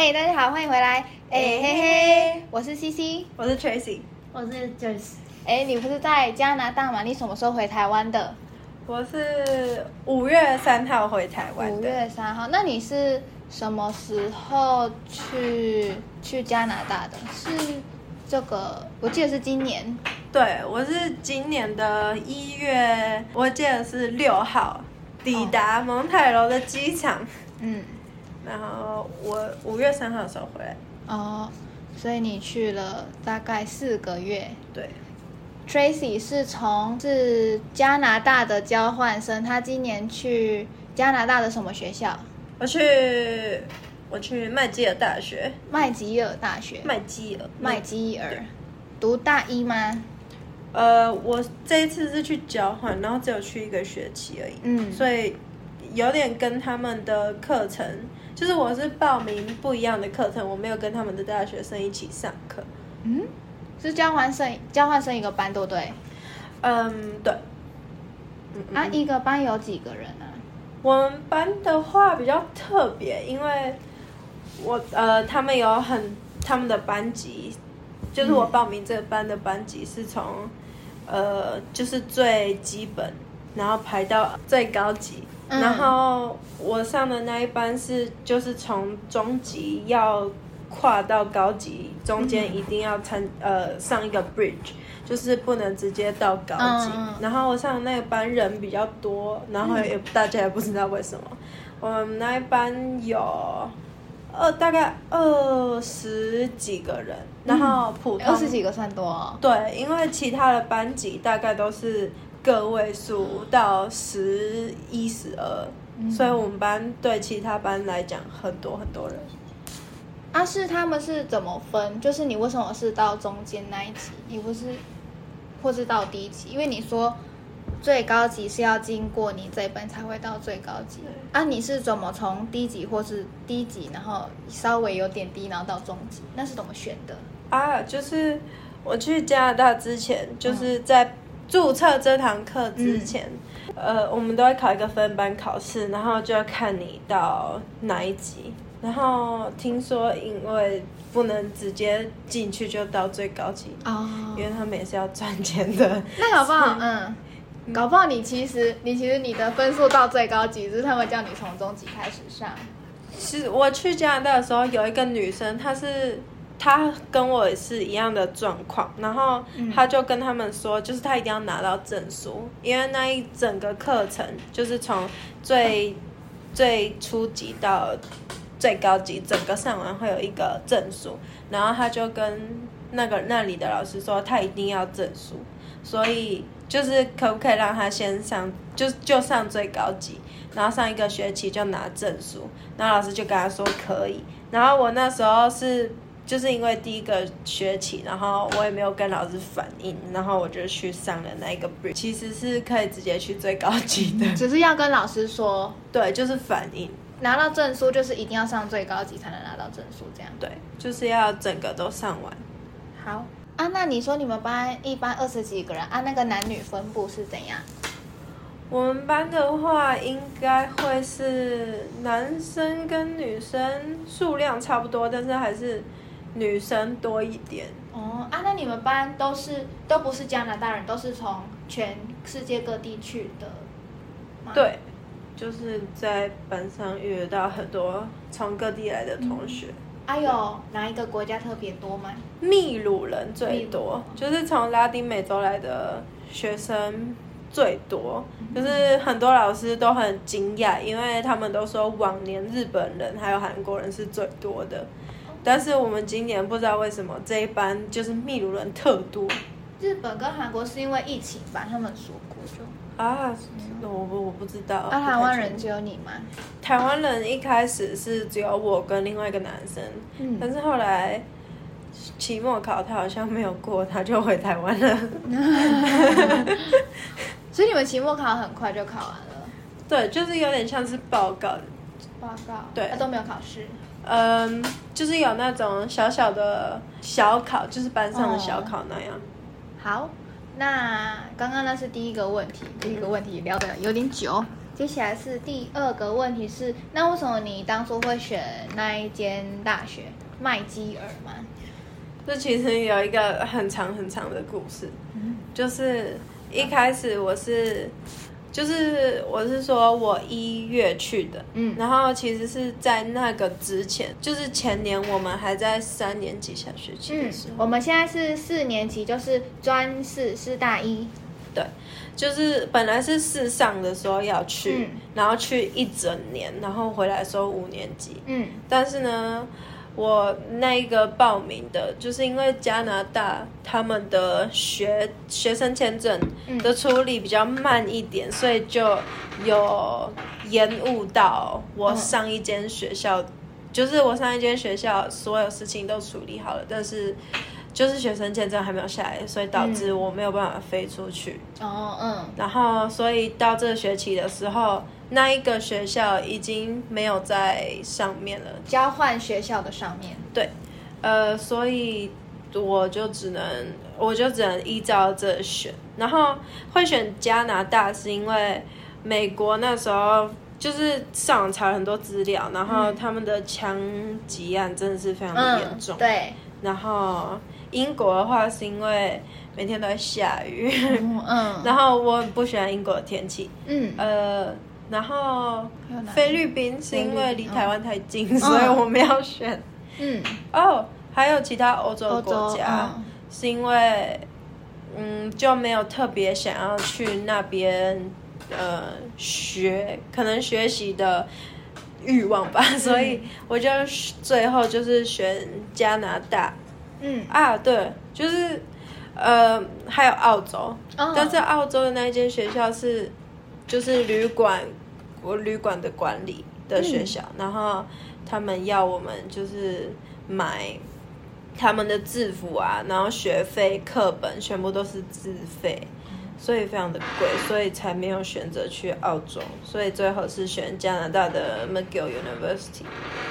嘿、hey，大家好，歡迎回來。哎、欸，嘿、hey, 嘿、hey, hey，我是 CC，我是 Tracy，我是 Jess。哎、欸，你不是在加拿大嗎？你什麼時候回台灣的？我是五月三號回台灣。五月三號？那你是什麼時候去去加拿大的？是這個，我記得是今年。對，我是今年的一月，我記得是六號抵達蒙特婁的機場。哦、 嗯。然後我五月三號的時候回來哦，oh, 所以你去了大概四個月。對，Tracy 是從是加拿大的交換生，她今年去加拿大的什麼學校？我去，我去麥吉爾大學。麥吉爾大學，麥吉爾，麥吉爾麥，讀大一嗎？呃，我這一次是去交換，然後只有去一個學期而已。嗯，所以有點跟他們的課程。就是我是報名不一樣的課程，我沒有跟他們的大學生一起上課。嗯，是交換生，交換生一個班，對不對？嗯，對。那、嗯嗯啊、一個班有幾個人呢？我們班的話比較特別，因為我呃，他們有很他們的班級，就是我報名這個班的班級是從、嗯、呃，就是最基本，然後排到最高級。然後我上的那一班是，就是從中級要跨到高級，中間一定要參、嗯、呃上一個 bridge，就是不能直接到高級。嗯、然後我上的那班人比較多，然後也、嗯、大家也不知道為什麼，我們那一班有二、呃、大概二十幾個人，然後普通、嗯、二十幾個算多、哦？對，因為其他的班級大概都是。個位數到十一、十二。嗯，所以我們班對其他班來講很多很多人。啊，是他們是怎麼分？就是你為什麼是到中間那一級？你不是，或是到低級？因為你說最高級是要經過你這一本才會到最高級。對。啊，你是怎麼從低級或是低級，然後稍微有點低，然後到中級？那是怎麼選的？啊，就是我去加拿大之前，就是在。嗯。註冊這堂課之前、嗯，呃，我們都會考一個分班考試，然後就要看你到哪一級。然後聽說因為不能直接進去就到最高級，哦，因為他們也是要賺錢的。那搞不好，嗯，嗯嗯搞不好你其實你其實你的分數到最高級，就是他們叫你從中級開始上。其實我去加拿大的時候，有一個女生，她是。他跟我也是一樣的狀況，然後他就跟他們說，就是他一定要拿到證書，因為那一整個課程就是從最最初級到最高級，整個上完會有一個證書。然後他就跟那個那裡的老師說，他一定要證書，所以就是可不可以讓他先上，就就上最高級，然後上一個學期就拿證書。然後老師就跟他說可以。然後我那時候是。就是因為第一個學期，然後我也沒有跟老師反映，然後我就去上了那個。其實是可以直接去最高級的，只是要跟老師說。對，就是反映。拿到證書就是一定要上最高級才能拿到證書，這樣。對，就是要整個都上完。好啊，那你說你們班一班二十幾個人，啊？那個男女分佈是怎樣？我們班的話，應該會是男生跟女生數量差不多，但是還是。女生多一點。哦啊，那你們班都是都不是加拿大人，都是從全世界各地去的。對，就是在班上遇到很多從各地來的同學。哎、嗯啊、有，哪一個國家特別多嗎？秘魯人最多，啊、就是從拉丁美洲來的學生最多。嗯、就是很多老師都很驚訝，因為他們都說往年日本人還有韓國人是最多的。但是我們今年不知道為什麼這一班就是秘魯人特多。日本跟韓國是因為疫情吧？他們說過就。啊，嗯、我我不知道。那、啊、台灣人只有你嗎？台灣人一開始是只有我跟另外一個男生，嗯，但是後來期末考他好像沒有過，他就回台灣了。 所以你們期末考很快就考完了。對，就是有點像是報告。報告。對，啊、都沒有考試。嗯、um,，就是有那種小小的、小考，就是班上的小考那樣、哦。好，那剛剛那是第一個問題，第一個問題聊了有點久，接下來是第二個問題是，是那為什麼你當初會選那一間大學麥基爾嗎？這其實有一個很長很長的故事，嗯、就是一開始我是。就是我是說，我一月去的，嗯，然後其實是在那個之前，就是前年我們還在三年級下學期的時候，嗯，我們現在是四年級，就是專四，是大一，對，就是本來是四上的時候要去，嗯，然後去一整年，然後回來的時候五年級，嗯，但是呢。我那個報名的，就是因為加拿大他們的學學生簽證的處理比較慢一點，嗯，所以就有延誤到我上一間學校。哦，就是我上一間學校所有事情都處理好了，但是就是學生簽證還沒有下來，所以導致我沒有辦法飛出去。哦，嗯，然後，所以到這個學期的時候。那一個學校已經沒有在上面了。交換學校的上面對，呃，所以我就只能我就只能依照這選，然後會選加拿大是因為美國那時候就是上網查了很多資料，然後他們的槍擊案真的是非常的嚴重，嗯嗯，對，然後英國的話是因為每天都在下雨，嗯，嗯 然後我不喜歡英國的天氣，嗯，呃。然後菲律賓是因為離台灣太近，太近，哦，所以我們要選。嗯、哦，哦，還有其他歐洲國家歐洲，哦，是因為嗯就沒有特別想要去那邊呃學，可能學習的慾望吧，嗯，所以我就最後就是選加拿大。嗯啊，對，就是呃還有澳洲，哦，但是澳洲的那一間學校是就是旅館。我旅館的管理的學校，嗯，然後他們要我們就是買他們的制服啊，然後學費、課本全部都是自費，嗯，所以非常的貴，所以才沒有選擇去澳洲，所以最後是選加拿大的 McGill University。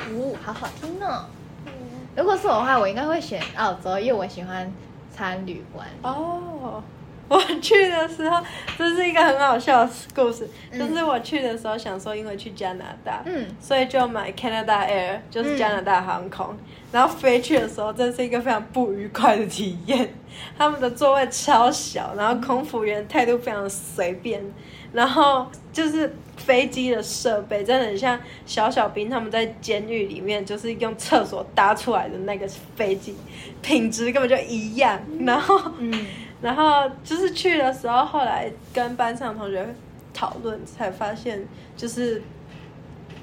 哦，好好聽哦。嗯，如果是我的話，我應該會選澳洲，因為我喜歡參旅館。哦。我去的時候，這是一個很好笑的故事。就是我去的時候，想說因為去加拿大，嗯，所以就買 Canada Air，就是加拿大航空，嗯。然後飛去的時候，這是一個非常不愉快的體驗。他們的座位超小，然後空服員態度非常隨便，然後就是飛機的設備真的很像小小兵他們在監獄裡面就是用廁所搭出來的那個飛機，品質根本就一樣。然後嗯。嗯然後就是去的時候，後來跟班上同學討論，才發現就是，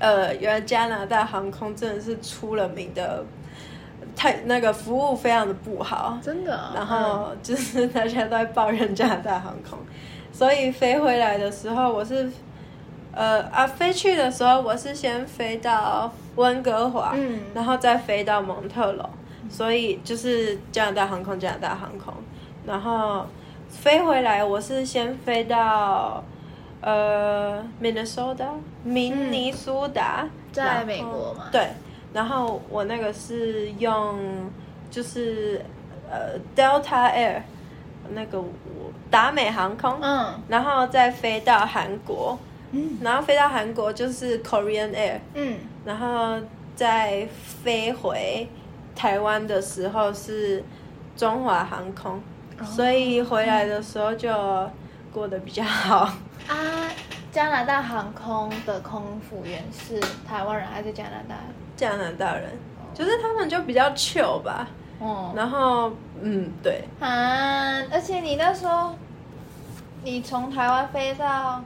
呃，原來加拿大航空真的是出了名的太那個服務非常的不好，真的哦。然後就是、嗯、大家都在抱怨加拿大航空，所以飛回來的時候，我是呃啊飛去的時候，我是先飛到溫哥華，嗯、然後再飛到蒙特婁，所以就是加拿大航空，加拿大航空。然後飛回來，我是先飛到呃，Minnesota 明尼蘇達，嗯、在美國嘛。對，然後我那個是用就是呃 Delta Air 那個達美航空，嗯，然後再飛到韓國，嗯，然後飛到韓國就是 Korean Air，嗯，然後再飛回台灣的時候是中華航空。Oh, 所以回來的時候就過得比較好、嗯、啊！加拿大航空的空服員是台灣人還是加拿大人？加拿大人，oh. 就是他們就比較 chill 吧。哦、oh.，然後嗯，對啊，而且你那時候你從台灣飛到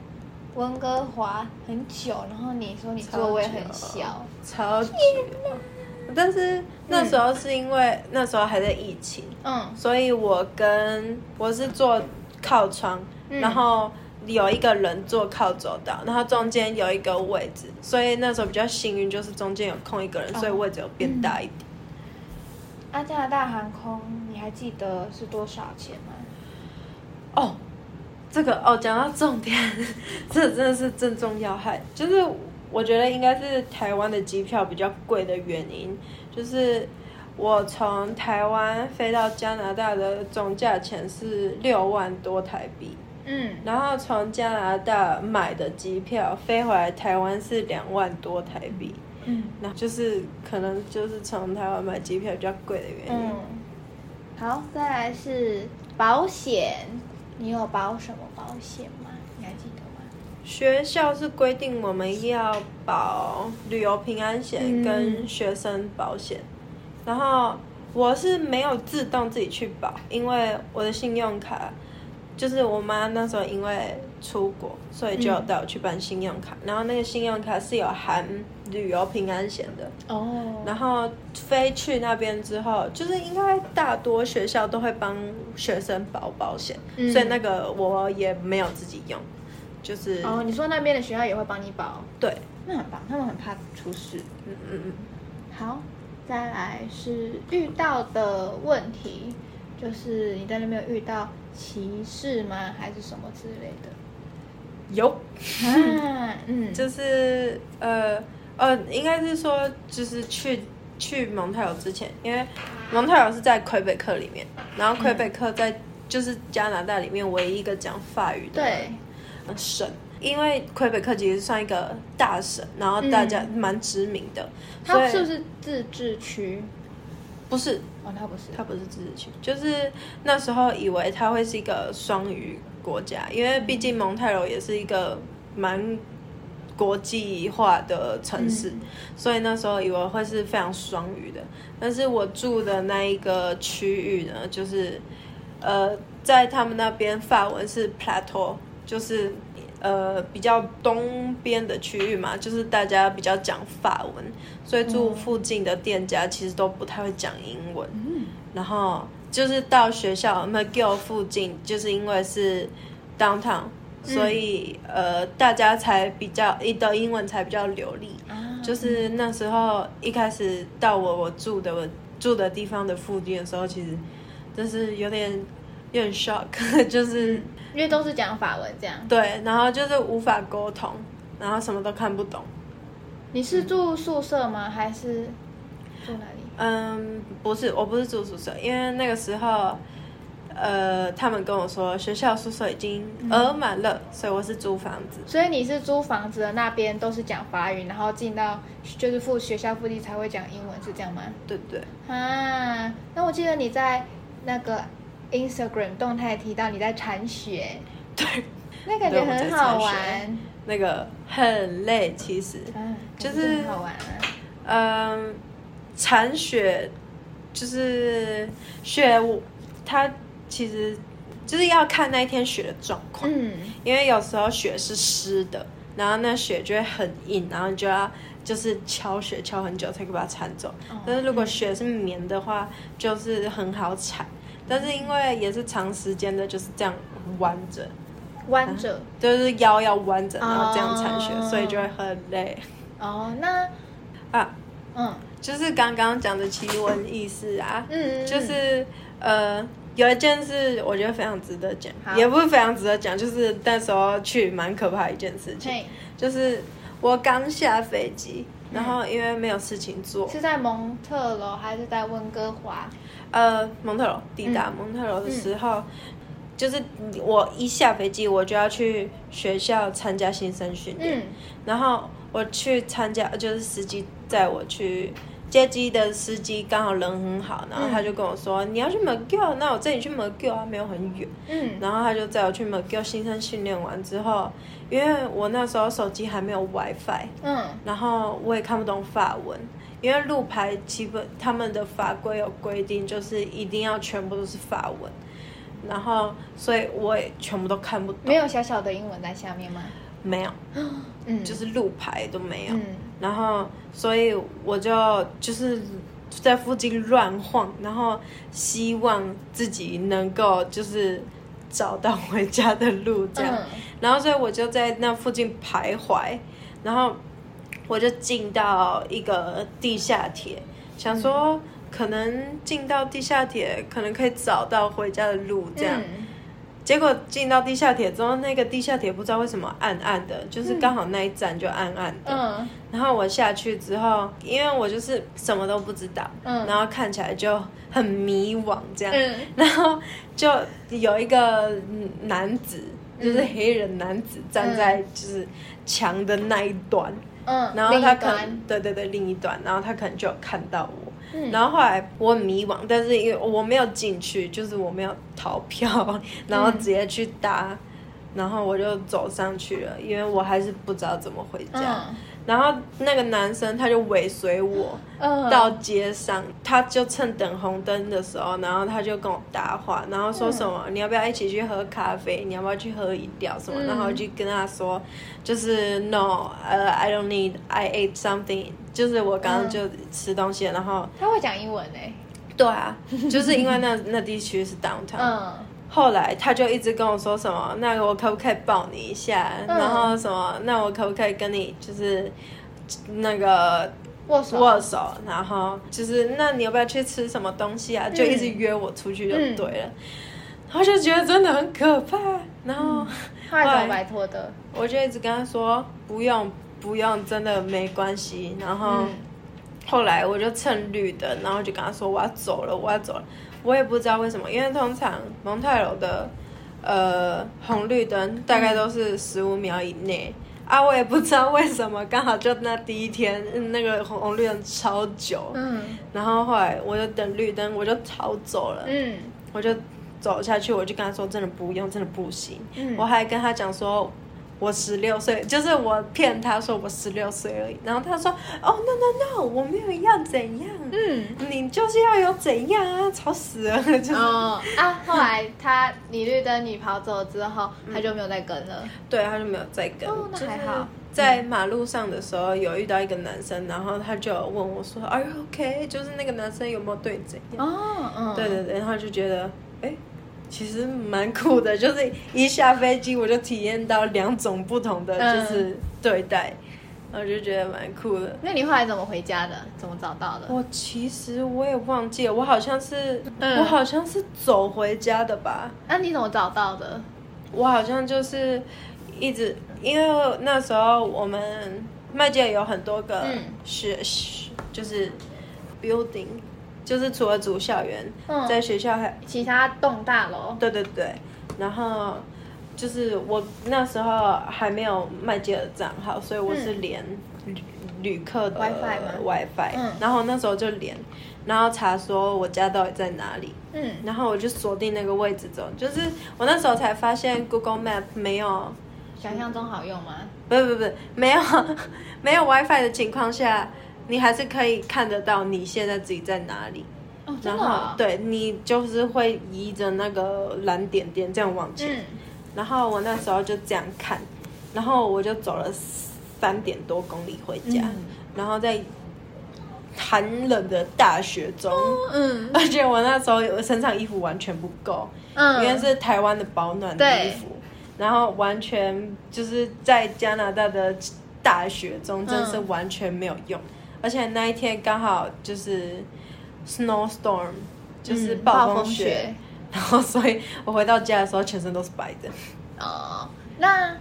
溫哥華很久，然後你說你座位很小，超級。超久但是那時候是因為、嗯、那時候還在疫情，嗯，所以我跟我是坐靠窗、嗯，然後有一個人坐靠走道，然後中間有一個位置，所以那時候比較幸運，就是中間有空一個人、哦，所以位置有變大一點、嗯。啊，加拿大航空，你還記得是多少錢嗎？哦，這個哦，講到重點， 這真的是正中要害，就是。我覺得應該是台灣的機票比較貴的原因，就是我從台灣飛到加拿大的總價錢是六萬多台幣，嗯，然後從加拿大買的機票飛回來台灣是兩萬多台幣，嗯，那就是可能就是從台灣買機票比較貴的原因。嗯。好，再來是保險，你有保什麼保險嗎？學校是規定我們一定要保旅遊平安險跟學生保險，嗯，然後我是沒有自動自己去保，因為我的信用卡就是我媽那時候因為出國，所以就要帶我去辦信用卡，嗯，然後那個信用卡是有含旅遊平安險的哦。然後飛去那邊之後，就是應該大多學校都會幫學生保保險，嗯，所以那個我也沒有自己用。就是哦，你說那邊的學校也會幫你保？對，那很棒，他們很怕出事。嗯嗯嗯。好，再來是遇到的問題，就是你在那邊有遇到歧視嗎？還是什麼之類的？有，嗯， 嗯就是呃呃，應該是說，就是去去蒙太爾之前，因為蒙太爾是在魁北克裡面，然後魁北克在、嗯、就是加拿大裡面唯一一個講法語的。對。省，因為魁北克其實算一個大省，然後大家蠻知名的、嗯。它是不是自治區？不是，哦，它不是，它不是自治區。就是那時候以為它會是一個雙語國家，因為畢竟蒙太羅也是一個蠻國際化的城市，嗯、所以那時候以為會是非常雙語的。但是我住的那一個區域呢，就是呃，在他們那邊法文是 plateau。就是，呃，比較東邊的區域嘛，就是大家比較講法文，所以住附近的店家其實都不太會講英文。嗯、然後就是到學校，那 McGill 附近，就是因為是 downtown，所以、嗯、呃，大家才比較一到英文才比較流利、嗯。就是那時候一開始到我我住的我住的地方的附近的時候，其實就是有點有點 shock，就是。因為都是講法文這樣。對，然後就是無法溝通，然後什麼都看不懂。你是住宿舍嗎、嗯？還是住哪裡？嗯，不是，我不是住宿舍，因為那個時候，呃，他們跟我說學校宿舍已經額滿了、嗯，所以我是租房子。所以你是租房子的，那邊都是講法語，然後進到就是附學校附近才會講英文，是這樣嗎？對對。啊，那我記得你在那個。Instagram 動態提到你在鏟雪，對，那個也很好玩。那個很累，其實，嗯、啊啊，就是好玩，嗯，呃、鏟雪就是雪，它其實就是要看那一天雪的狀況。嗯，因為有時候雪是濕的，然後那雪就會很硬，然後你就要就是敲雪敲很久才可以把它鏟走。Oh, 但是如果雪是綿的話，okay. 就是很好鏟。但是因為也是長時間的，就是這樣彎着，彎着、啊，就是腰要彎着，然後這樣鏟雪、哦，所以就會很累。哦，那啊，嗯，就是剛剛講的奇聞異事啊，嗯，嗯嗯，就是呃，有一件事我覺得非常值得講，也不是非常值得講，就是那時候去蠻可怕的一件事情，就是我剛下飛機，然後因為沒有事情做，嗯、是在蒙特婁還是在溫哥華？呃，蒙特婁抵達蒙特婁的時候、嗯嗯，就是我一下飛機我就要去學校參加新生訓練、嗯，然後我去參加，就是司機載我去接機的司機剛好人很好，然後他就跟我說、嗯、你要去 McGill 那我帶你去 McGill 沒有很遠，嗯，然後他就載我去 McGill 新生訓練完之後，因為我那時候手機還沒有 WiFi，嗯，然後我也看不懂法文。因為路牌基本他們的法規有規定，就是一定要全部都是法文，然後所以我也全部都看不懂。沒有小小的英文在下面嗎？沒有，嗯，就是路牌都沒有。嗯。然後所以我就就是在附近亂晃，然後希望自己能夠就是找到回家的路，這樣，嗯。然後所以我就在那附近徘徊，然後。我就進到一個地下鐵，想說可能進到地下鐵，可能可以找到回家的路這樣。嗯、結果進到地下鐵之後，那個地下鐵不知道為什麼暗暗的，就是剛好那一站就暗暗的、嗯。然後我下去之後，因為我就是什麼都不知道，嗯、然後看起來就很迷惘這樣、嗯。然後就有一個男子，就是黑人男子，站在就是牆的那一端。嗯，然後他可能對對對另一端，然後他可能就有看到我，嗯。然後後來我很迷惘，但是因為我沒有進去，就是我沒有逃票，然後直接去搭，嗯，然後我就走上去了，因為我還是不知道怎麼回家。嗯然後那個男生他就尾隨我到街上，他就趁等紅燈的時候，然後他就跟我搭話，然後說什麼你要不要一起去喝咖啡？你要不要去喝飲料什麼？然後我就跟他說，就是 No，呃，uh，I don't need，I ate something，就是我剛剛就吃東西，然後他會講英文呢。對啊，就是因為那那地區是 downtown。後來他就一直跟我說什麼，那我可不可以抱你一下？嗯、然後什麼，那我可不可以跟你就是那個握手握手？然後就是那你要不要去吃什麼東西啊、嗯？就一直約我出去就對了。嗯、然後就覺得真的很可怕。嗯、然後怎麼擺脫的？我就一直跟他說不用不用，真的沒關係。然後。嗯後來我就蹭綠燈，然後就跟他說我要走了，我要走了。我也不知道為什麼，因為通常蒙太樓的，呃，紅綠燈大概都是十五秒以內。嗯。啊，我也不知道為什麼，剛好就那第一天，那個紅紅綠燈超久。嗯。然後後來我就等綠燈，我就逃走了。嗯。我就走下去，我就跟他說：“真的不用，真的不行。”嗯。我還跟他講說。我十六歲，就是我騙他說我十六歲而已。然後他說：“哦、oh，no no no，我沒有要怎樣，嗯，你就是要有怎樣啊，吵死了！”就是、哦啊，後來他你綠燈，你跑走之後，他就沒有再跟了。對，他就沒有再跟。哦，那還好。就是、在馬路上的時候，有遇到一個男生，然後他就問我說：“哎、嗯、，OK，就是那個男生有沒有對你怎樣？”哦，嗯，對對對。然後就覺得，哎、欸。其實蠻酷的，就是一下飛機我就體驗到兩種不同的就是對待，我、嗯、就覺得蠻酷的。那你後來怎麼回家的？怎麼找到的？我其實我也忘記了，我好像是、嗯、我好像是走回家的吧？那、啊、你怎麼找到的？我好像就是一直因為那時候我們麥界有很多個是、嗯，就是 building。就是除了主校園、嗯，在學校還其他棟大樓。對對對，然後就是我那時候還沒有麥吉爾賬號，所以我是連旅客的 WiFi。嗯呃、WiFi 嘛、嗯。然後那時候就連，然後查說我家到底在哪裡。嗯。然後我就鎖定那個位置走，就是我那時候才發現 Google Map 沒有想象中好用嗎？不不不，沒有 沒有 WiFi 的情況下。你還是可以看得到你現在自己在哪裡，oh, 然後、哦，對你就是會沿著那個藍點點這樣往前、嗯，然後我那時候就這樣看，然後我就走了三點多公里回家，嗯、然後在寒冷的大雪中，oh, 嗯，而且我那時候我身上衣服完全不夠，嗯，因為是台灣的保暖的衣服，然後完全就是在加拿大的大雪中，真是完全沒有用。嗯而且那一天剛好就是 snowstorm，就是暴風雪、嗯、暴風雪，然後所以我回到家的時候全身都是白的。哦，那，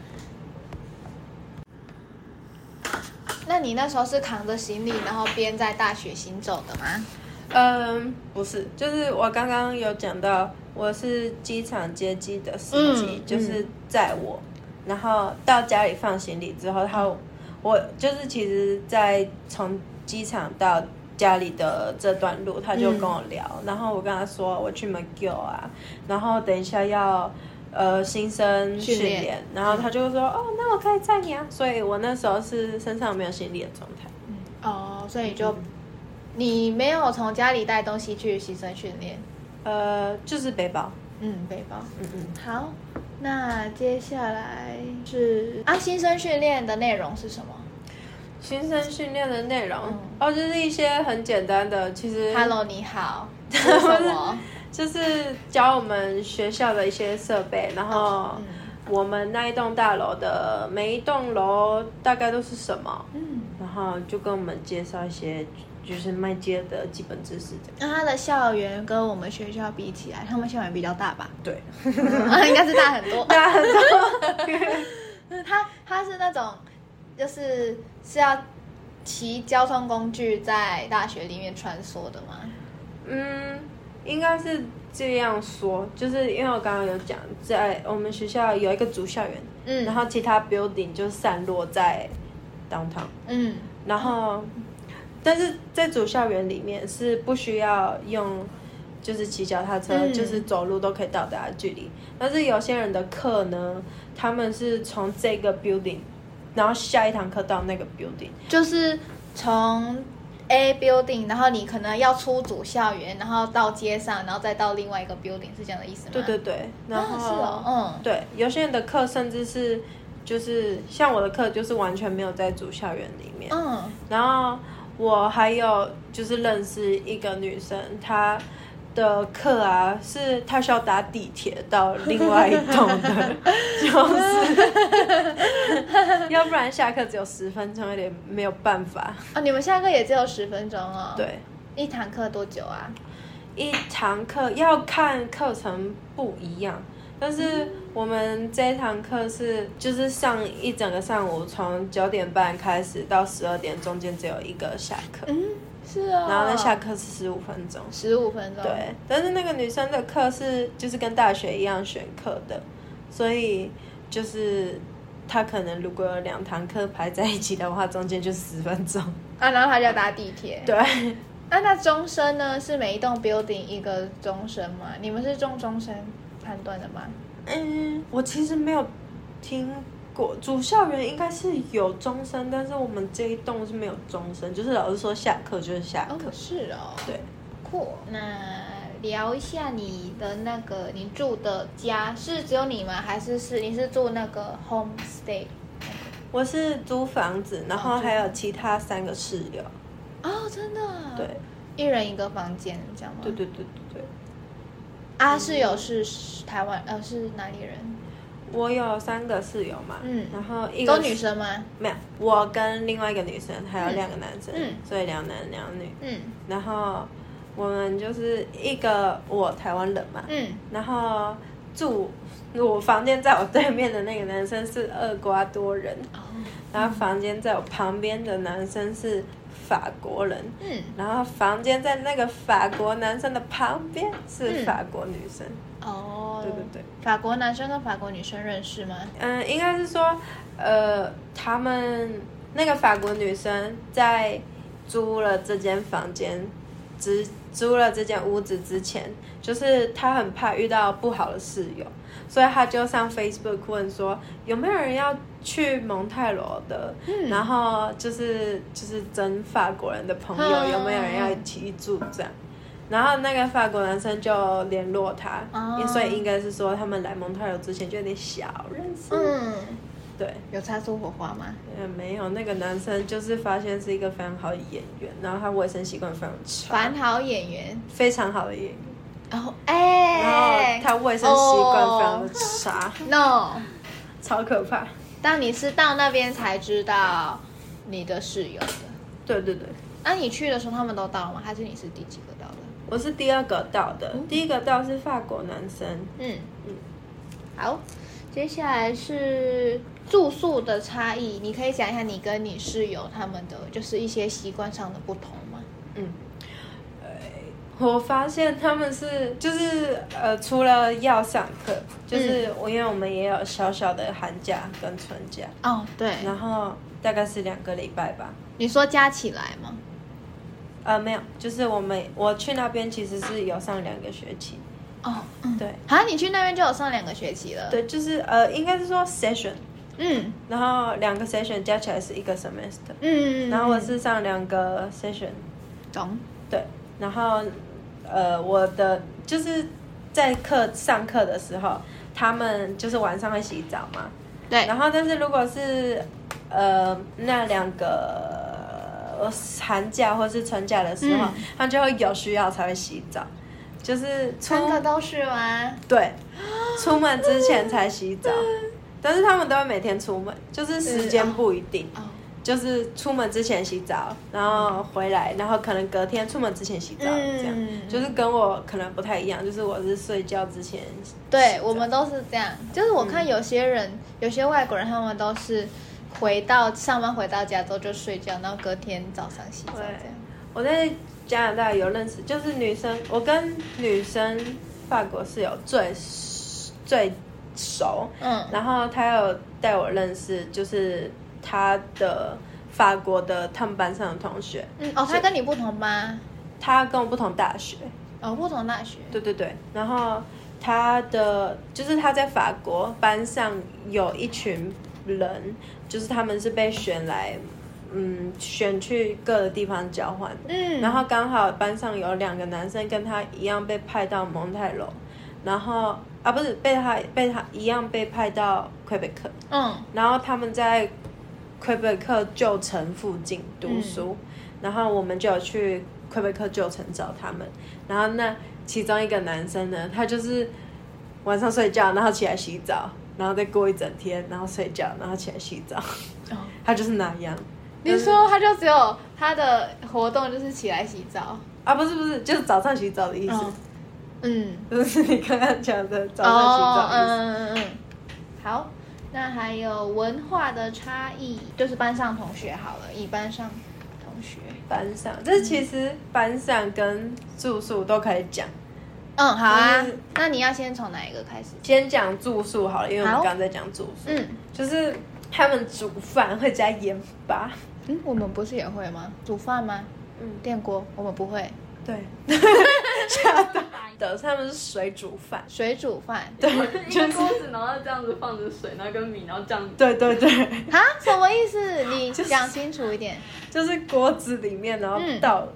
那你那時候是扛着行李，然後邊在大雪行走的嗎？嗯，不是，就是我剛剛有講到，我是機場接機的司機，嗯、就是載我、嗯，然後到家裡放行李之後，他、嗯。我就是其實，在從機場到家裡的這段路，他就跟我聊，嗯、然後我跟他說我去 McGill 啊，然後等一下要呃新生訓練、訓練，然後他就說、嗯、哦，那我可以載你啊，所以我那時候是身上沒有行李的狀態、嗯，哦，所以就、嗯、你沒有從家裡帶東西去新生訓練，呃，就是背包，嗯，背包，嗯嗯，好。那接下來是啊，新生訓練的內容是什麼？新生訓練的內容、嗯、哦，就是一些很簡單的，其實 Hello 你好，什麼？ 就是教我們學校的一些設備，然後我們那一棟大樓的每一棟樓大概都是什麼？嗯，然後就跟我們介紹一些。就是麥街的基本知識這樣。他的校園跟我們學校比起來，他們校園比較大吧？對， 應該是大很多，大很多。他他是那種，就是是要騎交通工具在大學裡面穿梭的嗎？嗯，應該是這樣說。就是因為我剛剛有講，在我們學校有一個主校園，嗯，然後其他 building 就散落在 downtown，嗯，然後。嗯但是在主校園裡面是不需要用，就是騎腳踏車、嗯，就是走路都可以到達的距離。但是有些人的課呢，他們是從這個 building，然後下一堂課到那個 building，就是從 A building，然後你可能要出主校園，然後到街上，然後再到另外一個 building，是這樣的意思嗎？對對對，然後、哦是哦、嗯，對，有些人的課甚至是就是像我的課，就是完全沒有在主校園裡面，嗯，然後。我還有就是認識一個女生，她的課啊，是她需要搭地鐵到另外一棟的， 就是， 要不然下課只有十分鐘，有點沒有辦法啊、哦。你們下課也只有十分鐘啊、哦？對，一堂課多久啊？一堂課要看課程不一樣。但是我們這一堂課是就是上一整個上午，從九點半開始到十二點，中間只有一個下課。嗯，是啊。然後那下課是十五分鐘。十五分鐘。對，但是那個女生的課是就是跟大學一樣選課的，所以就是她可能如果有兩堂課排在一起的話，中間就十分鐘。啊，然後她就要搭地鐵。對。那那鐘聲呢？是每一棟 building 一個鐘聲嗎？你們是鐘鐘聲？判斷的嗎？嗯，我其實沒有聽過。主校園應該是有鐘聲，但是我們這一棟是沒有鐘聲，就是老師說下課就是下課。哦，是哦，對。酷、cool.，那聊一下你的那個，你住的家是只有你嗎？還是是你是住那個 home stay？、Okay. 我是租房子，然後、哦、還有其他三個室友。哦，真的？對，一人一個房間這樣嗎？對對對對對，對。阿、啊、室友是台灣，呃，是哪裡人？我有三個室友嘛，嗯，然後一個都女生嗎？沒有，我跟另外一個女生，還有兩個男生，嗯，嗯，所以兩男兩女，嗯，然後我們就是一個我台灣人嘛，嗯，然後住我房間在我對面的那個男生是厄瓜多人。、哦嗯，然後房間在我旁邊的男生是。法國人，嗯，然後房間在那個法國男生的旁邊是法國女生，哦、嗯，對對對，法國男生和法國女生認識嗎？嗯，應該是說，呃，他們那個法國女生在租了這間房間，租租了這間屋子之前，就是她很怕遇到不好的室友。所以他就上 Facebook 問說，有沒有人要去蒙特婁的、嗯，然後就是就是真法國人的朋友、嗯，有沒有人要一起住這樣？然後那個法國男生就聯絡他，哦、所以應該是說他們來蒙特婁之前就有點小認識，嗯，對，有擦出火花嗎？嗯，沒有，那個男生就是發現是一個非常好的演員，然後他衛生習慣非常差，蠻好演員，非常好的演員。然後，哎，然後他衛生習慣非常的差，oh.，no，超可怕。但你是到那邊才知道你的室友的，對對對。那，啊、你去的時候他們都到嗎？還是你是第幾個到的？我是第二個到的，嗯，第一個到是法國男生。嗯嗯，好，接下來是住宿的差異，你可以講一下你跟你室友他們的就是一些習慣上的不同嗎？嗯。我發現他們是就是呃，除了要上課，就是我、嗯、因為我們也有小小的寒假跟春假哦，oh, 對，然後大概是兩個禮拜吧。你說加起來嗎？呃，沒有，就是我們我去那邊其實是有上兩個學期哦、oh, 嗯，對啊，你去那邊就有上兩個學期了，對，就是呃，應該是說 session，嗯，然後兩個 session 加起來是一個 semester，嗯嗯，嗯，嗯，然後我是上兩個 session，懂？對，然後。呃，我的就是在課上課的時候，他們就是晚上會洗澡嘛。對。然後，但是如果是，呃，那兩個寒假或是春假的時候，嗯，他就會有需要才會洗澡。就是三個都是嗎？對，出門之前才洗澡，嗯，但是他們都會每天出門，就是時間不一定。嗯哦哦就是出門之前洗澡，然後回來，然後可能隔天出門之前洗澡，嗯、這樣就是跟我可能不太一樣，就是我是睡覺之前。對，我們都是這樣。就是我看有些人，嗯、有些外國人，他們都是回到上班回到家之後就睡覺，然後隔天早上洗澡，對，這樣。我在加拿大有認識，就是女生，我跟女生法國室友最最熟，嗯，然後她又帶我認識，就是。他的法國的他們班上的同學，嗯，哦，他跟你不同嗎？他跟我不同大學。哦，不同大學。對對對，然後他的就是他在法國班上有一群人，就是他們是被選來，嗯，選去各個地方交換，嗯，然後剛好班上有兩個男生跟他一樣被派到蒙特婁。然後啊不是被他被他一樣被派到魁北克，嗯，然後他們在。魁北克舊城附近讀書，嗯，然後我們就有去魁北克舊城找他們。然後那其中一個男生呢，他就是晚上睡覺，然後起來洗澡，然後再過一整天，然後睡覺，然後起來洗澡。哦，他就是那樣？就是，你說，他就只有他的活動就是起來洗澡啊？不是不是，就是早上洗澡的意思，哦。嗯，就是你剛剛講的早上洗澡意思。嗯嗯嗯嗯，好。那還有文化的差異，就是班上同學好了，以班上同學，班上，這其實班上跟住宿都可以講。嗯，好啊，就是、那你要先從哪一個開始？先講住宿好了，因為我們剛剛在講住宿，嗯，就是他們煮飯會加鹽巴，嗯，我們不是也會嗎？煮飯嗎？嗯，電鍋我們不會，對，笑，恰大 的他們是水煮飯，水煮飯對，就是、一個鍋子，然後這樣子放着水，然後跟米，然後這樣對對對，啊，什麼意思？你講清楚一點，就是、就是、鍋子裡面然後倒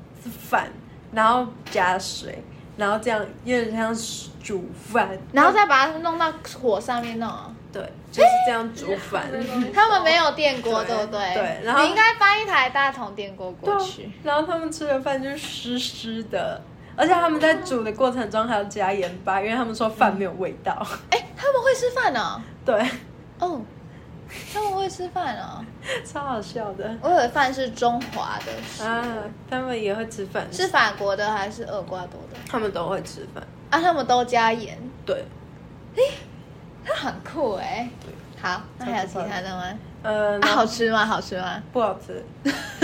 飯、嗯，然後加水，然後這樣有點像煮飯，然後再把它弄到火上面弄，對，就是這樣煮飯、欸。他們沒有電鍋，對 不對？對，然後你應該搬一台大桶電鍋過去，然後他們吃的飯就是濕濕的。而且他們在煮的過程中還要加鹽巴，因為他們說飯沒有味道。哎、嗯欸，他們會吃飯呢、喔？對，哦、oh,，他們會吃飯啊、喔， 超好笑的。我以為飯是中華的啊，他們也會吃飯，是法國的還是厄瓜多的？他們都會吃飯啊，他們都加鹽。對，哎、欸，那很酷哎、欸。好，那還有其他的嗎？嗯，好吃嗎？好吃嗎？不好吃，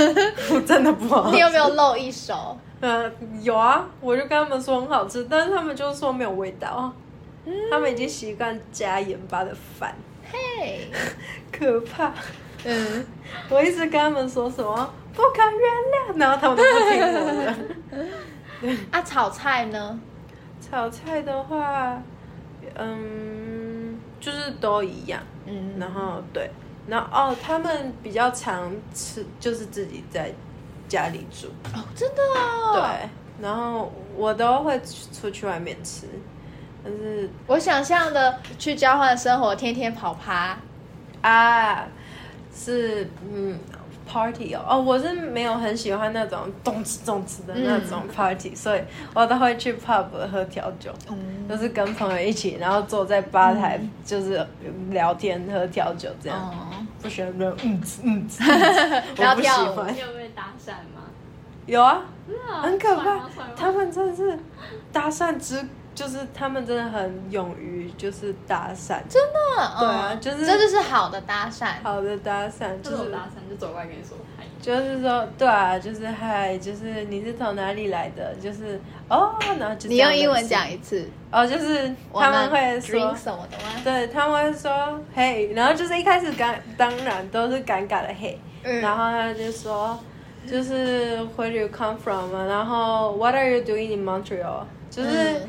真的不好吃。你有沒有露一手？嗯，有啊，我就跟他們說很好吃，但是他們就是說沒有味道。哦嗯、他們已經習慣加鹽巴的飯。嘿、hey，可怕。嗯，我一直跟他們說什麼不可原諒，然後他們都不聽我的。啊，炒菜呢？炒菜的話，嗯，就是都一樣。嗯，然後對。然後哦，他們比較常吃，就是自己在家裡煮哦，真的哦？對，然後我都會出去外面吃，但是我想象的去交換生活，天天跑趴啊，是嗯。Party 哦哦，oh, 我是沒有很喜歡那種動次動次的那種 party，、嗯、所以我都會去 pub 喝調酒、嗯，就是跟朋友一起，然後坐在吧台就是聊天、嗯、喝調酒這樣，嗯、不喜歡那種嗯嗯。哈哈哈哈哈！嗯、 不要跳舞，有沒有搭訕嗎？有啊，no, 很可怕、啊啊啊，他們真的是搭訕之。就是他們真的很勇於，就是搭訕，真的，對啊，嗯、就是這就是好的搭訕，好的搭訕，就是搭訕就走過來跟你說就是說、嗯、對啊，就是嗨，hi, 就是你是從哪裡來的？就是哦，然、oh, 後你用英文講一次哦，oh, 就是、嗯他,們們 so、他們會說什麼的嗎？對，他們會說嘿然後就是一開始尷 當然都是尷尬的嘿、hey, 嗯。然後他就說就是 Where do you come from？然後 What are you doing in Montreal？就是。嗯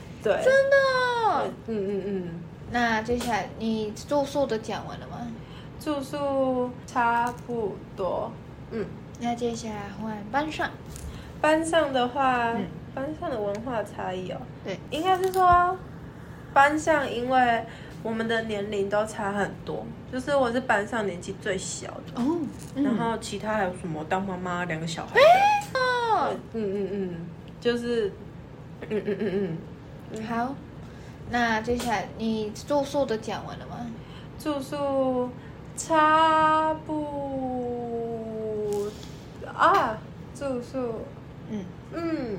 對，真的，嗯嗯嗯，嗯。那接下來你住宿都講完了嗎？住宿差不多，嗯。那接下來換班上，班上的話，嗯、班上的文化差異哦、喔。對，應該是說班上，因為我們的年齡都差很多，就是我是班上年紀最小的哦、嗯。然後其他還有什麼當媽媽兩個小孩，欸、哦。嗯嗯嗯，就是嗯嗯嗯嗯。嗯嗯好，那接下來你住宿都講完了嗎？住宿，差不多啊。住宿，嗯嗯，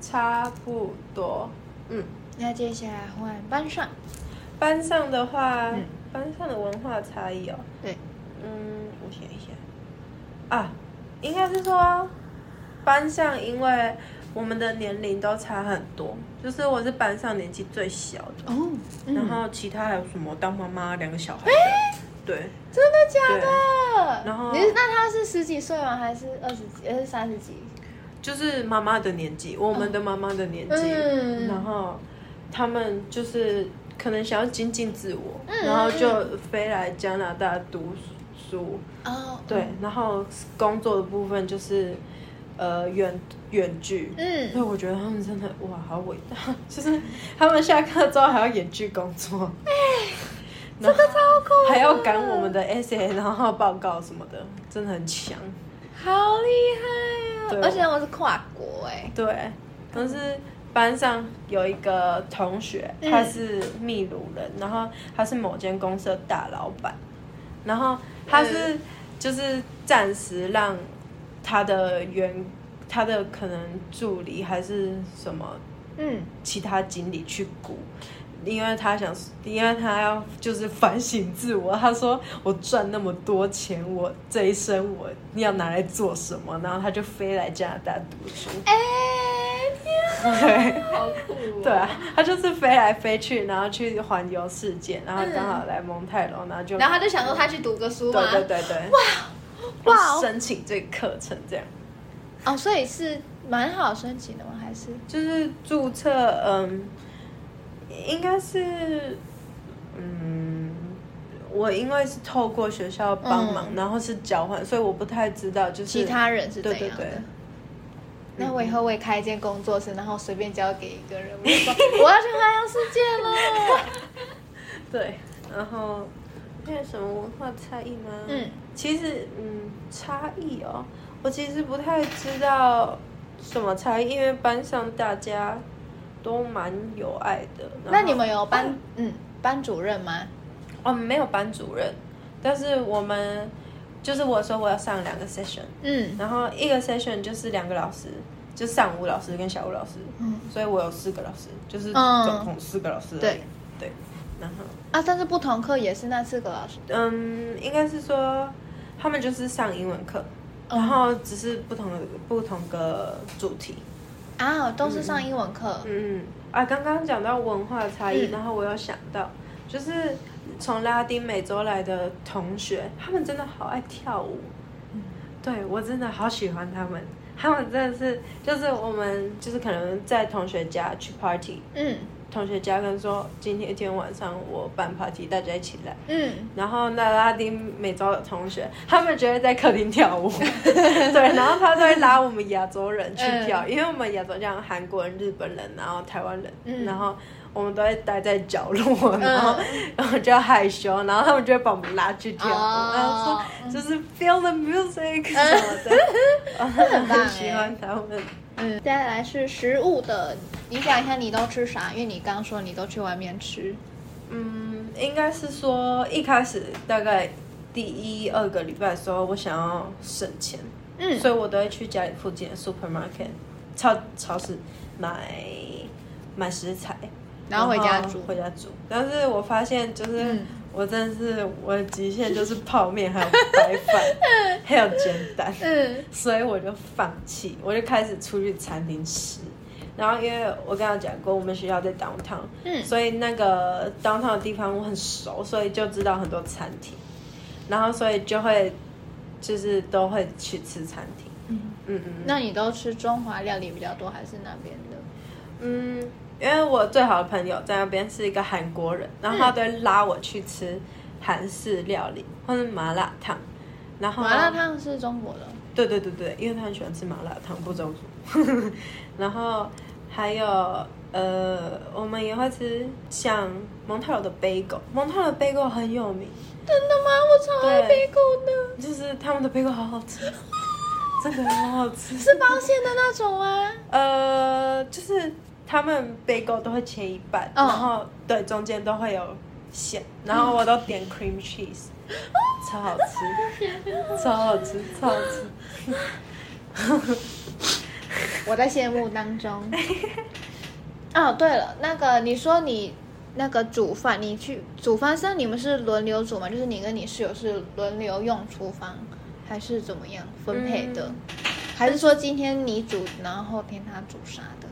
差不多。嗯，那接下來換班上。班上的話，嗯、班上的文化差異哦。對、嗯，嗯，我想一下啊，應該是說班上因為，我們的年齡都差很多，就是我是班上年紀最小的。Oh, um. 然後其他還有什麼當媽媽兩個小孩。欸，對，真的假的？然後你是，那他是十幾歲嗎？還是二十幾？還是三十幾？就是媽媽的年紀，我們的媽媽的年紀。Oh. 然後他們就是可能想要精進自我，嗯、然後就飛來加拿大讀書。Oh, um. 對，然後工作的部分就是。呃，遠遠距嗯，所以我覺得他們真的哇，好偉大，就是他們下課之後還要遠距工作，哎、欸，這個超酷，還要趕我們的 essay 然後報告什麼的，真的很強，好厲害啊！而且我，我，我是跨國哎、欸，對，可、就是班上有一個同學，嗯、他是秘魯人，然後他是某間公司的大老板，然後他是就是暫時讓。他的原，他的可能助理還是什麼，嗯，其他經理去估，因為他想，因為他要就是反省自我。他說，我賺那麼多錢，我這一生我要拿來做什麼？然後他就飛來加拿大讀書。哎、欸，天啊，對，好酷哦。對啊，他就是飛來飛去，然後去環遊世界，然後剛好來蒙特婁，然後就，嗯，然後他就想說他去讀個書嘛，對對對對。哇。哇！申請這課程這樣，wow，哦、oh，所以是蠻好申請的嗎？還是就是註冊？嗯，應該是，嗯，我因為是透過學校幫忙，嗯，然後是交換，所以我不太知道就是其他人是怎樣的。對對對，那我以後會開一間工作室，然後隨便交給一個人，我說 我要去海洋世界了。 對，然後還有什麼文化差異嗎？嗯。其實，嗯，差異哦，我其實不太知道什麼差異，因為班上大家都蠻有愛的。那你們有班，哦，嗯，班主任嗎？我們、哦，沒有班主任，但是我們就是我說我要上兩個 session，嗯，然後一個 session 就是兩個老師，就上午老師跟下午老師，嗯，所以我有四個老師，就是總共四個老師，嗯，對，對。然後啊，但是不同課也是那四個老師，嗯，應該是說。他們就是上英文課，oh. 然後只是不同的不同的主題啊，oh, 都是上英文課。嗯，嗯啊，剛剛講到文化差異、嗯，然後我有想到，就是從拉丁美洲來的同學，他們真的好愛跳舞，嗯、對我真的好喜歡他們，他們真的是就是我們就是可能在同學家去 party，嗯。同學家跟說，今天一天晚上我辦 party，大家一起來。嗯，然後那拉丁美洲的同學，他們就會在客廳跳舞。 對，然後他就會拉我們亞洲人去跳，嗯，因為我們亞洲像韓國人、日本人，然後台灣人，嗯，然後。我們都會待在角落，然後，uh, 然後就要害羞，然後他們就會把我們拉去跳舞，oh. 然後說就是 feel the music，uh, 很棒哎。！ 很喜歡他們。嗯，接下來是食物的，你想一下你都吃啥？因為你剛剛說你都去外面吃，嗯，應該是說一開始大概第一二個禮拜的時候，我想要省錢，嗯，所以我都會去家裡附近的 supermarket 超超市買買食材。然後回家煮，回家煮。但是我發現，就是我真的是我的極限，就是泡麵，還有白飯， 還有煎蛋。 嗯，所以我就放棄，我就開始出去餐廳吃。然後因為我剛剛講過，我們學校在 downtown，嗯，所以那個 downtown 的地方我很熟，所以就知道很多餐廳。然後，所以就會就是都會去吃餐廳。嗯嗯嗯。那你都吃中華料理比較多，還是那邊的？嗯。因為我最好的朋友在那邊是一個韓國人，然後他都會拉我去吃韓式料理或者是麻辣燙，然後麻辣燙是中國的。對對對對，因為他很喜歡吃麻辣燙，不中國。 然後還有呃，我們也會吃像蒙特婁的貝果。蒙特婁的貝果很有名。真的嗎？我超愛貝果的。就是他們的貝果好好吃， 真的好好吃。是包餡的那種啊？呃，就是。他們 bagel 都會切一半，oh. 然後對，中間都會有餡，然後我都點 cream cheese， 超好吃，超好吃，超好吃。我在羨慕當中。 哦，對了，那個你說你那個煮飯，你去煮飯，像你們是輪流煮嗎？就是你跟你室友是輪流用廚房，還是怎麼樣分配的、嗯？還是說今天你煮，然後後天他煮啥的？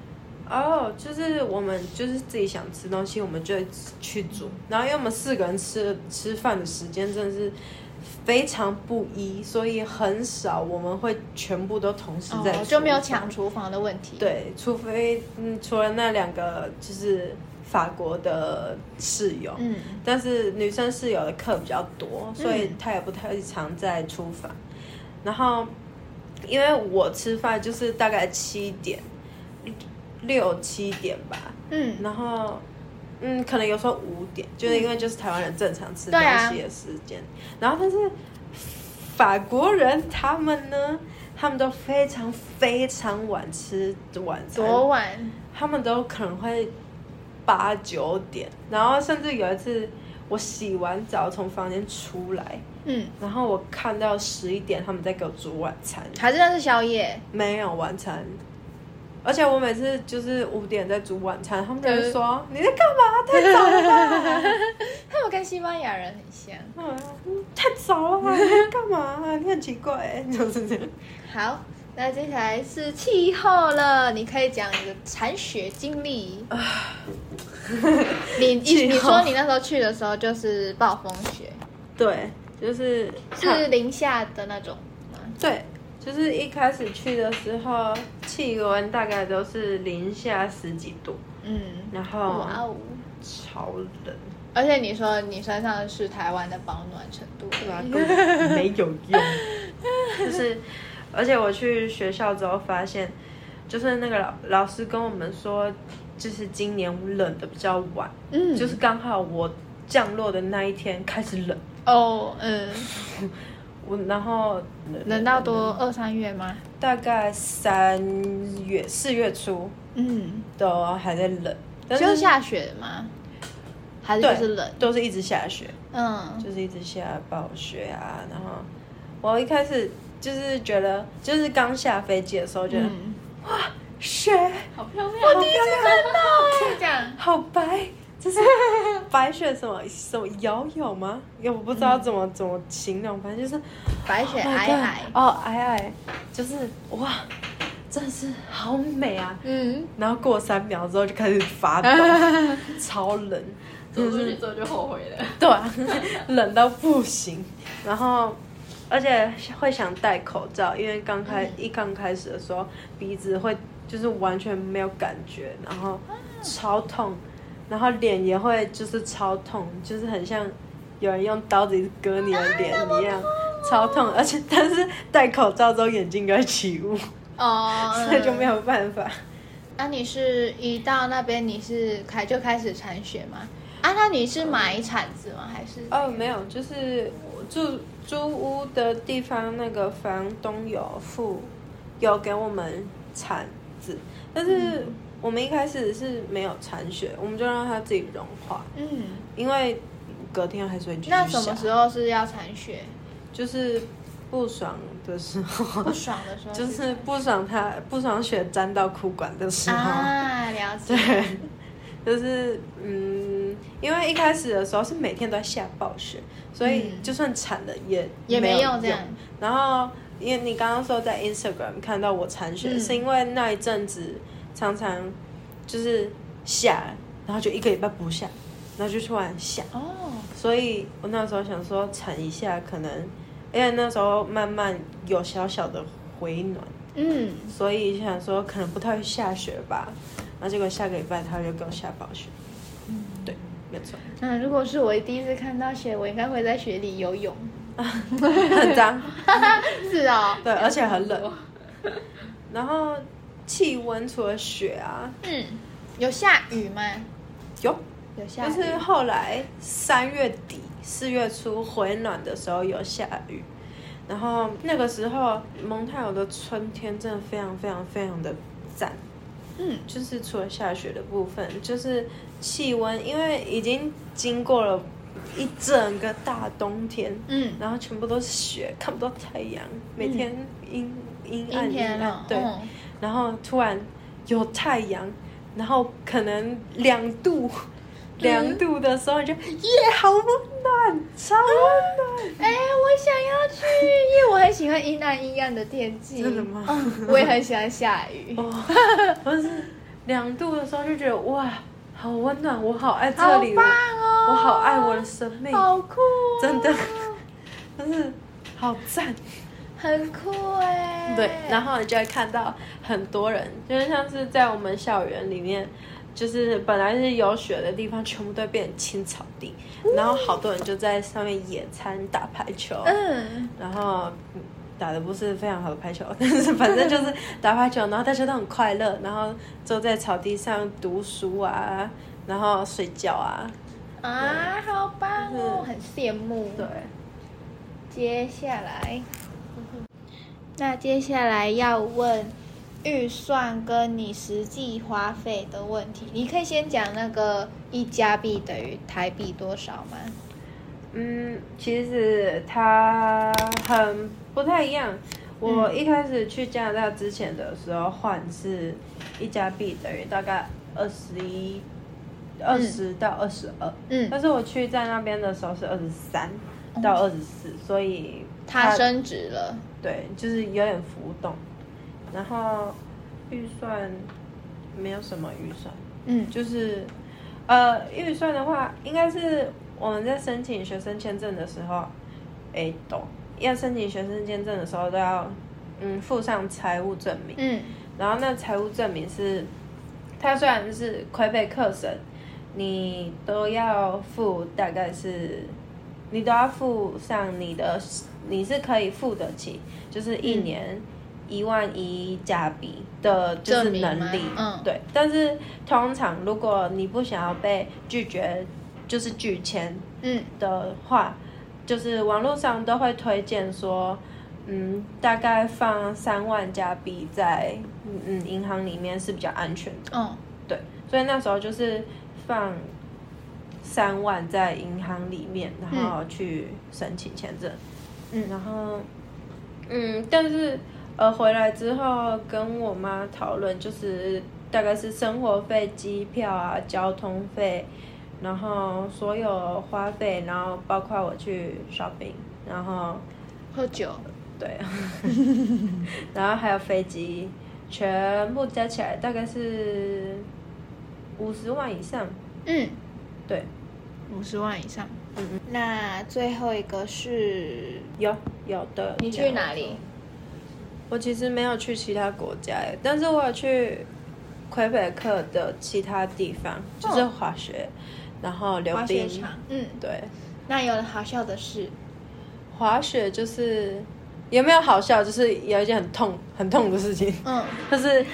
哦、oh,，就是我們就是自己想吃東西，我們就去煮、嗯。然後因為我們四個人吃吃飯的時間真的是非常不一，所以很少我們會全部都同時在。哦、oh,，就沒有搶廚房的問題。對，除非嗯，除了那兩個就是法國的室友，嗯，但是女生室友的課比較多，所以她也不太常在廚房、嗯。然後因為我吃飯就是大概七點。六七點吧，嗯，然後，嗯，可能有時候五點，嗯，就是因為就是台灣人正常吃東西的時間，啊。然後，但是法國人他們呢，他們都非常非常晚吃晚餐，多晚？他們都可能會八九點。然後，甚至有一次我洗完澡從房間出來，嗯，然後我看到十一點他們在給我煮晚餐，還是那是宵夜？沒有晚餐。而且我每次就是五點在煮晚餐，嗯、他們就說、就是、你在幹嘛？太早了。 他們跟西班牙人很像，嗯、太早了，幹嘛？ 你很奇怪，就是這樣。好，那接下來是氣候了，你可以講你的鏟雪經歷啊。 你你你說你那時候去的時候就是暴風雪，對，就是是零下的那種，對。就是一開始去的時候，氣溫大概都是零下十幾度。嗯，然後哇超冷哇、哦！而且你說你身上是台灣的保暖程度，是吧、啊？ 沒有用。就是，而且我去學校之後發現，就是那個老老師跟我們說，就是今年冷得比較晚。嗯，就是剛好我降落的那一天開始冷。哦，嗯。 然後冷到多二三月嗎？大概三月四月初，嗯，都還在冷，就是下雪嗎？還是就是冷，都是一直下雪，嗯，就是一直下暴雪啊。然後我一開始就是覺得，就是剛下飛機的時候，覺得哇，雪好漂亮，我第一次看到哎，這樣好白。就 是白雪什麼什麼遙遙嗎？因為我不知道怎麼、嗯、怎麼形容，反正就是白雪皚皚哦，皚皚，就是、Oh God, I I. Oh, I I. 就是、哇，真的是好美啊！嗯，然後過三秒之後就開始發抖， 超冷，走、就是、出去之後就後悔了。就是、對、啊， 冷到不行，然後而且會想戴口罩，因為剛開、嗯、一剛開始的時候鼻子會就是完全沒有感覺，然後、啊、超痛。然後臉也會就是超痛，就是很像有人用刀子割你的臉一樣、啊啊，超痛。而且但是戴口罩之後眼睛會起霧，所、oh, 以就沒有辦法。那、嗯啊、你是一到那邊你是開就開始鏟雪嗎？啊，那你是買鏟子嗎？嗯、還是哦，沒有，就是我住租屋的地方那個房東有付，有給我們鏟子，但是。嗯我們一開始是沒有剷雪，我們就讓它自己融化。嗯，因為隔天還是會繼續下。那什麼時候是要剷雪？就是不爽的時候，不爽的時候， 就是不爽它，不爽雪沾到褲管的時候。啊，了解。對，就是嗯，因為一開始的時候是每天都在下暴雪，所以就算剷了也、嗯、也，沒也沒有這樣。然後，因為你剛剛說在 Instagram 看到我剷雪，嗯，是因為那一陣子。常常就是下，然後就一個禮拜不下，然後就突然下。哦，所以我那時候想說撐一下，可能因為那時候慢慢有小小的回暖。嗯。所以想說可能不太會下雪吧，然後結果下個禮拜它就給我下暴雪。嗯，對，沒錯。那、嗯、如果是我第一次看到雪，我應該會在雪裡游泳。 很髒髒。 是啊、哦。對，而且很冷。然後。氣溫除了雪啊，嗯，有下雨嗎？有，有下雨。就是後來三月底四月初回暖的時候有下雨，然後那個時候蒙太爾的春天真的非常非常非常的贊。嗯，就是除了下雪的部分，就是氣溫，因為已經經過了一整個大冬天，嗯，然後全部都是雪，看不到太陽，每天陰、嗯、陰暗，陰暗，陰暗，陰暗，對。嗯然後突然有太陽，然後可能兩度，嗯、兩度的時候你就耶，好溫暖，超溫暖。哎、嗯欸，我想要去，因為我很喜歡陰暗陰暗的天氣。真的嗎？ 我也很喜歡下雨。 我是兩度的時候就覺得哇，好溫暖，我好愛這裡。好棒哦！我好愛我的審美，好酷、哦，真的，但是好讚。很酷哎、欸！對，然後你就會看到很多人，就是像是在我們校園裡面，就是本來是有雪的地方，全部都變成青草地，嗯、然後好多人就在上面野餐、打排球。嗯。然後打的不是非常好的排球，但是反正就是打排球，然後大家都很快樂，然後坐在草地上讀書啊，然後睡覺啊。啊，好棒、哦！我、就是、很羨慕。對。接下來。那接下來要問預算跟你實際花費的問題，你可以先講那個一加幣等於台幣多少嗎？嗯，其實它很不太一樣。我一開始去加拿大之前的時候換是一加幣等於大概二十一、二十到二十二，嗯，但是我去在那邊的時候是二十三到二十四，所以它、它升值了。對，就是有點浮動，然後預算沒有什麼預算，嗯，就是呃，預算的話，應該是我們在申請學生簽證的時候，誒，懂，要申請學生簽證的時候都要，嗯，附上財務證明，嗯，然後那財務證明是，他雖然是魁北克省，你都要付大概是，你都要附上你的。你是可以付得起，就是一年一萬一加幣的，就是能力，嗯，對。但是通常如果你不想要被拒絕，就是拒簽，嗯的話，就是網絡上都會推薦說，嗯，大概放三萬加幣在嗯銀行裡面是比較安全的，嗯、哦，對。所以那時候就是放三萬在銀行裡面，然後去申請簽證。嗯嗯，然後，嗯，但是，呃，回來之後跟我媽討論，就是大概是生活費、機票啊、交通費，然後所有花費，然後包括我去 shopping，然後喝酒，對， 然後還有飛機，全部加起來大概是五十萬以上。嗯，對，五十萬以上。嗯嗯，那最後一個是有有的，你去哪裡？我其實沒有去其他國家耶，但是我有去魁北克的其他地方，就是滑雪，哦、然後溜冰場。嗯，對。那有好笑的事？滑雪就是有沒有好笑？就是有一件很痛很痛的事情。嗯， 就是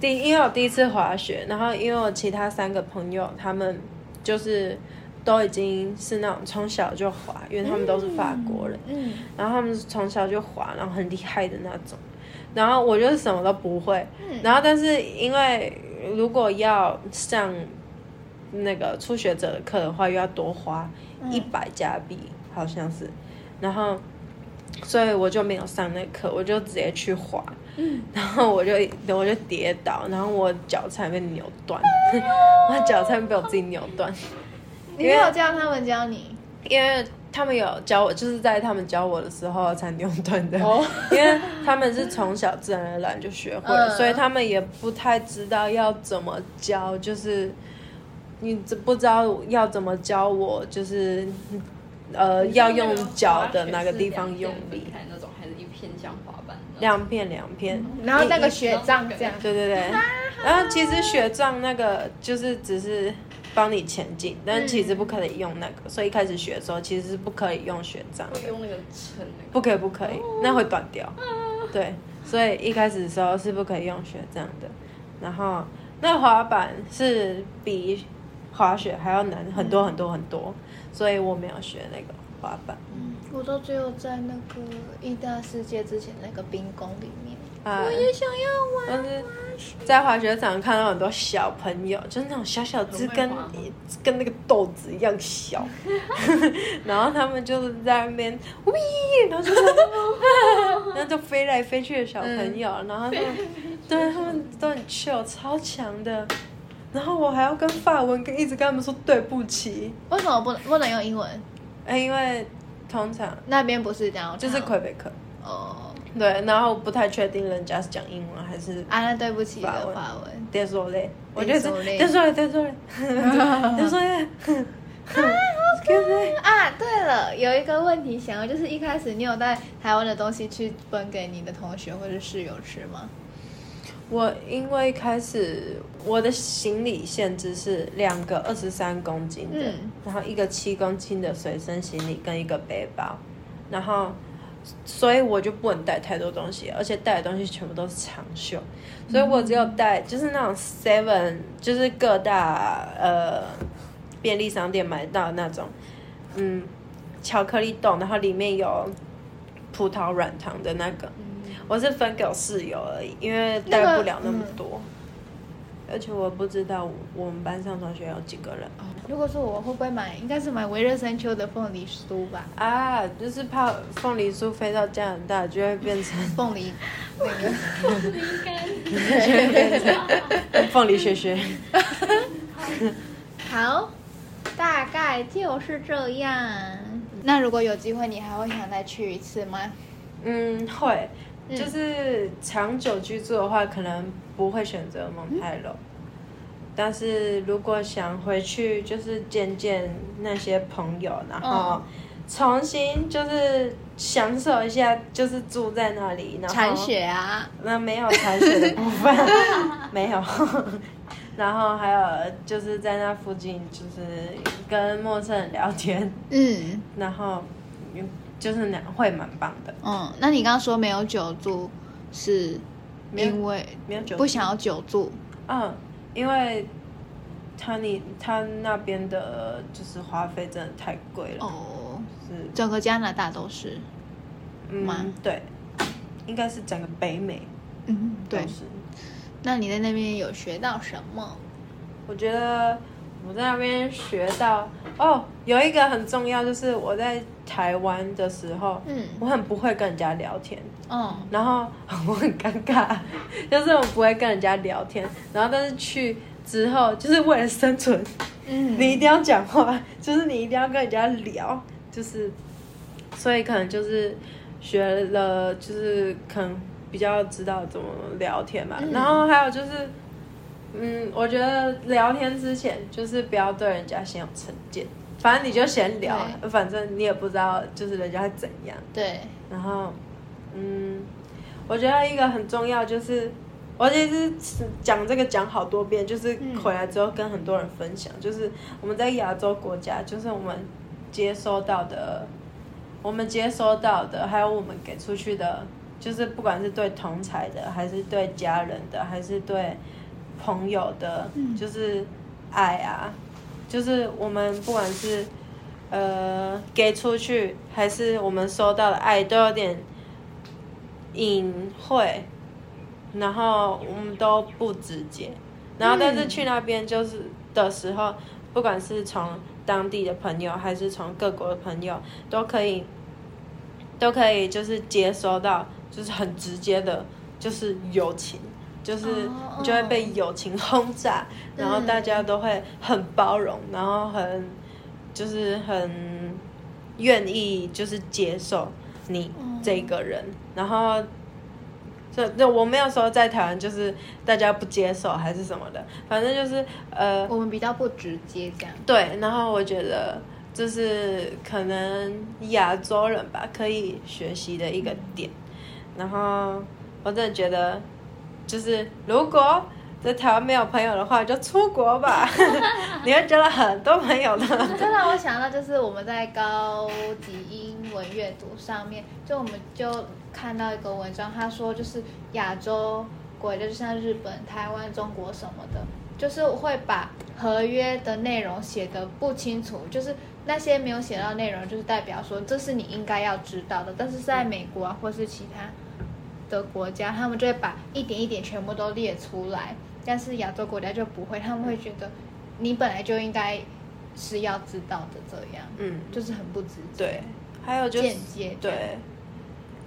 第因為我第一次滑雪，然後因為我其他三個朋友他們就是。都已經是那種從小就滑，因為他們都是法國人，嗯嗯、然後他們是從小就滑，然後很厲害的那種。然後我就什麼都不會。然後，但是因為如果要上那個初學者的課的話，又要多花一百加幣，好像是。然後，所以我就沒有上那課，我就直接去滑。然後我就我就跌倒，然後我腳才被扭斷，嗯、 我腳才被我自己扭斷。嗯 你沒有教他們教你，因為他們有教我，就是在他們教我的時候才用蹲的、哦，因為他們是從小自然而然就學會了、嗯，所以他們也不太知道要怎麼教，就是你不知道要怎麼教我，就是呃要用腳的那個地方用力那種，還是一片像滑板，兩片兩片，然後那個雪杖這樣，對對對，啊、然後其實雪杖那個就是只是。幫你前進，但其實不可以用那個、嗯，所以一開始學的時候其實是不可以用雪杖的，用那個、那個、不可以不可以，哦、那會斷掉、啊。對，所以一開始的時候是不可以用雪杖的。然後那滑板是比滑雪還要難很多很多很多，嗯、所以我沒有學那個滑板。嗯，我都只有在那個義大世界之前那個冰宮裡面。啊、我也想要玩，玩。就是，在滑雪場看到很多小朋友，就是那種小小只跟跟那個豆子一樣小， 然後他們就是在那邊，然後， 然後就飛來飛去的小朋友，嗯、然後他們， 對他們都很 chill 超強的。然後我還要跟法文，跟一直跟他們說對不起。為什麼我不能不能用英文？哎，因為通常那邊不是這樣，就是魁北克。哦。對，然後不太確定人家是講英文還是法文啊，那對不起的，對不起，對不起，對不起，對不起，對不起，對 抱歉、 ah, 可 啊，對了，有一個問題想要，就是一開始你有帶台灣的東西去分給你的同學或者室友吃嗎？我因為一開始我的行李限制是兩個二十三公斤的，嗯，然後一個七公斤的隨身行李跟一個背包，然後。嗯所以我就不能帶太多東西，而且帶的東西全部都是長袖，嗯、所以我只有帶就是那種 seven，就是各大呃便利商店買到的那種，嗯，巧克力豆，然後裡面有葡萄軟糖的那個、嗯，我是分給我室友而已，因為帶不了那麼多、那個嗯，而且我不知道我們班上同學有幾個人。哦如果說我會不會買，應該是買微熱山丘的鳳梨酥吧。啊，就是怕鳳梨酥飛到加拿大，就會變成 鳳梨，那個鳳梨乾，變成鳳梨雪雪。好，大概就是這樣，嗯。那如果有機會，你還會想再去一次嗎？嗯，會。就是長久居住的話，可能不會選擇蒙特婁。嗯但是如果想回去，就是見見那些朋友，嗯，然後重新就是享受一下，就是住在那裡，然後剷雪啊，那、啊、沒有剷雪的部分， 沒有。 然後還有就是在那附近，就是跟陌生人聊天，嗯，然後就是會蠻棒的。嗯，那你剛剛說沒有久住，是因為沒有久住，不想要久住，久住，嗯。因為他，你他那邊的就是花費真的太貴了。哦，是整個加拿大都是，嗯，對，應該是整個北美，嗯，對，都是。那你在那邊有學到什麼？我覺得。我在那邊學到哦，有一個很重要，就是我在台灣的時候，嗯，我很不會跟人家聊天，嗯、哦，然後我很尷尬，就是我不會跟人家聊天，然後但是去之後，就是為了生存，嗯，你一定要講話，就是你一定要跟人家聊，就是，所以可能就是學了，就是可能比較知道怎麼聊天嘛，嗯、然後還有就是。嗯，我覺得聊天之前就是不要對人家先有成見，反正你就先聊，反正你也不知道就是人家是怎樣。對，然後，嗯，我覺得一個很重要就是，我其實講這個講好多遍，就是回來之後跟很多人分享，嗯、就是我們在亞洲國家，就是我們接收到的，我們接收到的，還有我們給出去的，就是不管是對同儕的，還是對家人的，還是對。朋友的，就是愛啊，就是我們不管是呃給出去，還是我們收到的愛，都有點隱晦，然後我們都不直接。然後但是去那邊就是的時候，不管是從當地的朋友，還是從各國的朋友，都可以，都可以就是接收到，就是很直接的，就是友情。就是就會被友情轟炸，oh, oh, 然後大家都會很包容，然後很就是很願意就是接受你這個人，oh, oh. 然後這這我沒有說在台灣就是大家不接受還是什麼的，反正就是呃，我們比較不直接這樣。對，然後我覺得就是可能亞洲人吧可以學習的一個點，oh, oh. 然後我真的覺得。就是如果在台灣沒有朋友的話，就出國吧。 你會交到很多朋友的。真的。我想到，就是我們在高級英文閱讀上面，就我們就看到一個文章，他說就是亞洲國家，就是像日本、台灣、中國什麼的，就是會把合約的內容寫得不清楚，就是那些沒有寫到內容，就是代表說這是你應該要知道的。但是在美國啊，或是其他。的國家，他們就會把一點一點全部都列出來，但是亞洲國家就不會，他們會覺得你本來就應該是要知道的這樣，嗯，就是很不直接。對，還有就是間接。對，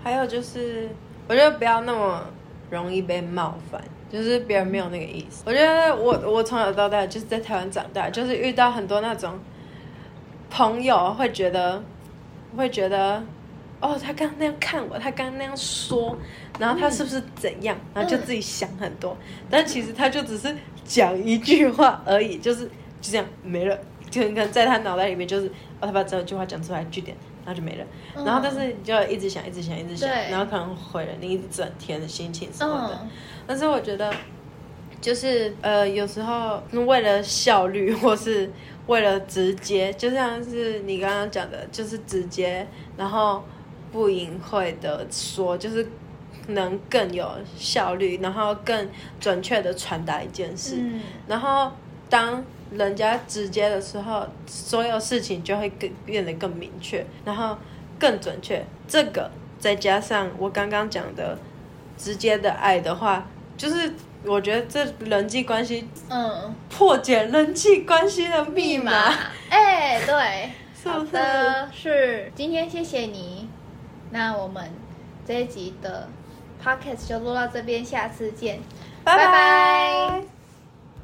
還有就是，我覺得不要那麼容易被冒犯，就是別人沒有那個意思。我覺得我我從小到大就是在台灣長大，就是遇到很多那種朋友會覺得，會覺得。哦、oh，他剛剛那樣看我，他剛剛那樣說，然後他是不是怎樣？嗯、然後就自己想很多，嗯、但其實他就只是講一句話而已，就是就這樣沒了，就你看在他腦袋裡面就是，哦，他把這句話講出來句點，然後就沒了，然後但是你就一直想，一直想，一直想，然後可能毀了你一整天的心情什麼的。嗯、但是我覺得，就是呃，有時候為了效率或是為了直接，就像是你剛剛講的，就是直接，然後。不隱晦的說，就是能更有效率，然後更準確的傳達一件事。嗯，然後當人家直接的時候，所有事情就會更變得更明確，然後更準確。這個再加上我剛剛講的直接的愛的話，就是我覺得這人際關係，嗯，破解人際關係的密碼。哎，欸，對，是不是？是。今天謝謝你。那我們這一集的 podcast 就錄到這邊，下次見，Bye、拜拜。Bye.